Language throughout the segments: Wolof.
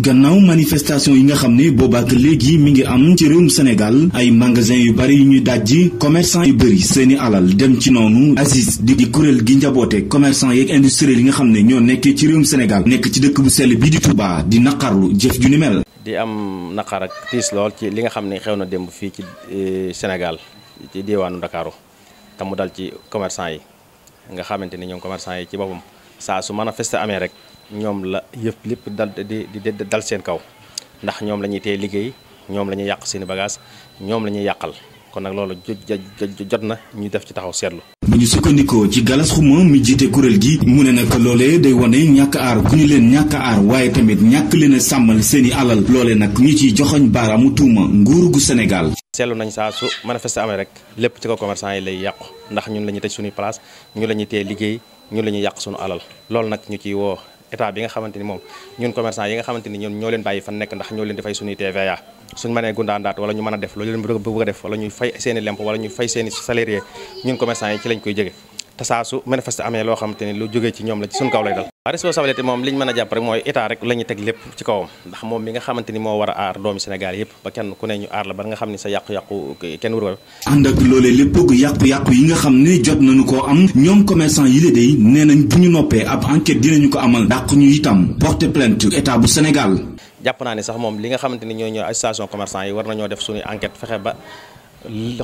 gannaaw manifestation yi nga xam ne boobaak léegi mi ngi am ci réewum Sénégal ay magasin yu bari yu ñu dajji commerçant yu bëri seeni alal dem ci noonu Aziz di kuréel gi njaboote commerçant yeeg industriel yi nga xam ne ñoo nekkee ci réewum Sénégal nekk ci dëkk bu sell bii di Touba di naqarlu jëf ju ni mel. di am naqar ak tiis lool ci li nga xam ne xew na démb fii ci eh, Sénégal ci diwaanu Ndakaaru te mu dal ci commerçant yi nga xamante ni ñoom commerçant yi ci boppam. saa su manifeste amee rek ñoom la yëpp lépp dal di di dal seen kaw ndax ñoom la ñuy tee liggéey ñoom la ñuy yàq seen i bagages ñoom la ñuy yàqal kon nag loolu jot na ñu def ci taxaw seetlu. bu ñu sukkandikoo ci galas xuma mi jiite kuréel gi mu ne nag loolee day wane ñàkk aar ku ñu leen ñàkk aar waaye tamit ñàkk leen a sàmmal seen i alal loole nag ñu ciy joxoñ baaraamu tuuma nguur gu Sénégal. seetlu nañ saa su manifeste amee rek lépp ci ko commerçant yi lay yàqu ndax ñun la ñuy tëj suñuy place ñu la ñuy tee liggéey. ñun la ñuy yàq suñu alal loolu nag ñu ci woo état bi nga xamante moom ñun commerçant yi nga xamante ni ñun ñoo leen bàyyi fan nekk ndax ñoo leen di fay suñuy TVA suñ mënee gundaandaat wala ñu mën a def loolu leen bëgg a def wala ñuy fay seen i lemp wala ñu fay seen i ñun commerçant yi ci lañ koy jege te saa su manifeste amee loo xamante ni lu jógee ci ñoom la ci suñ kaw lay dal responsabilité moom li ñu mën a jàpp rek mooy état rek la ñuy teg lépp ci kawam ndax moom mi nga xamante moo war aar doomi Sénégal yëpp kenn ku ne ñu aar la ba sa yàqu-yàqu kenn wur ànd ak loolee yi nga xam ne jot nañu koo am ñoom commerçant yi la dey nañ bu ñu noppee ab enquête dinañu ko amal dàq ñu itam porter plainte état bu Sénégal jàpp naa ne sax moom li nga xamante ni ñoo ñoo association commerçant yi war nañoo def suñu enquête fexe ba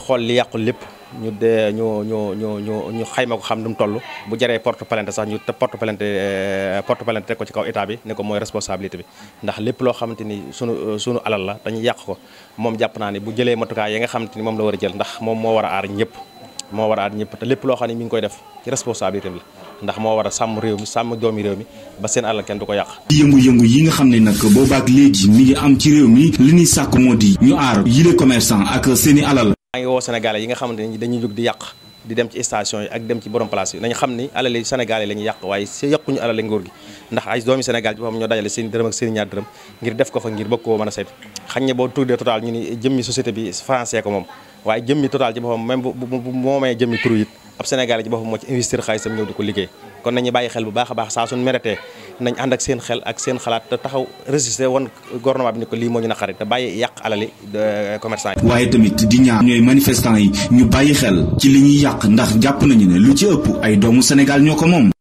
xool li yàqu lépp ñu dee ñu ñu ñu ñu ñu xayma ko xam nu mu toll bu jaree porte plainte sax ñu porte plainte euh, porte plainte teg ko ci kaw état bi ne ko mooy responsabilité bi ndax lépp loo xamante ni sunu euh, sunu alal la dañuy yàq ko moom jàpp naa ni bu jëlee matukaay yi nga xamante ni moom la war a jël ndax moom moo war a aar ñëpp moo war a aar ñëpp te lépp loo xam ne mi ngi koy def ci responsabilité bi ndax moo war a sàmm réew mi sàmm doomi réew mi ba seen àll kenn du ko yàq. yëngu-yëngu yi nga xam ne nag boobaak léegi mi ngi am ci réew mi li ñuy sàkk moo di ñu aar yile commerçant ak seeni alal. maa ngi woo Sénégalais yi nga xamante ni dañuy di yàq di dem ci station yi ak dem ci borom place yi nañ xam ni alali Sénégalais la yàq waaye si yàquñu alali nguur gi ndax ay doomi Sénégal ci boppam ñoo dajale seen dërëm ak seen ñaar dërëm ngir def ko fa ngir bëgg koo mën a saytu xañ boo tuddee total ñu ni jëmmi société bi français ko moom waaye jëmmi total ci boppam même bu jëmmi tur ab Sénégalais ci boppam moo ci investir xaalisam ñëw di ko liggéey nañ ànd ak seen xel ak seen xalaat te taxaw résister woon gouvernement bi ni ko lii moo na naqari te bàyyi yàq alali euh, commerçant yi. waaye tamit di ñaar ñooy manifestant yi ñu bàyyi xel ci li ñuy yàq ndax jàpp nañu ne lu ci ëpp ay doomu Sénégal ñoo ko moom.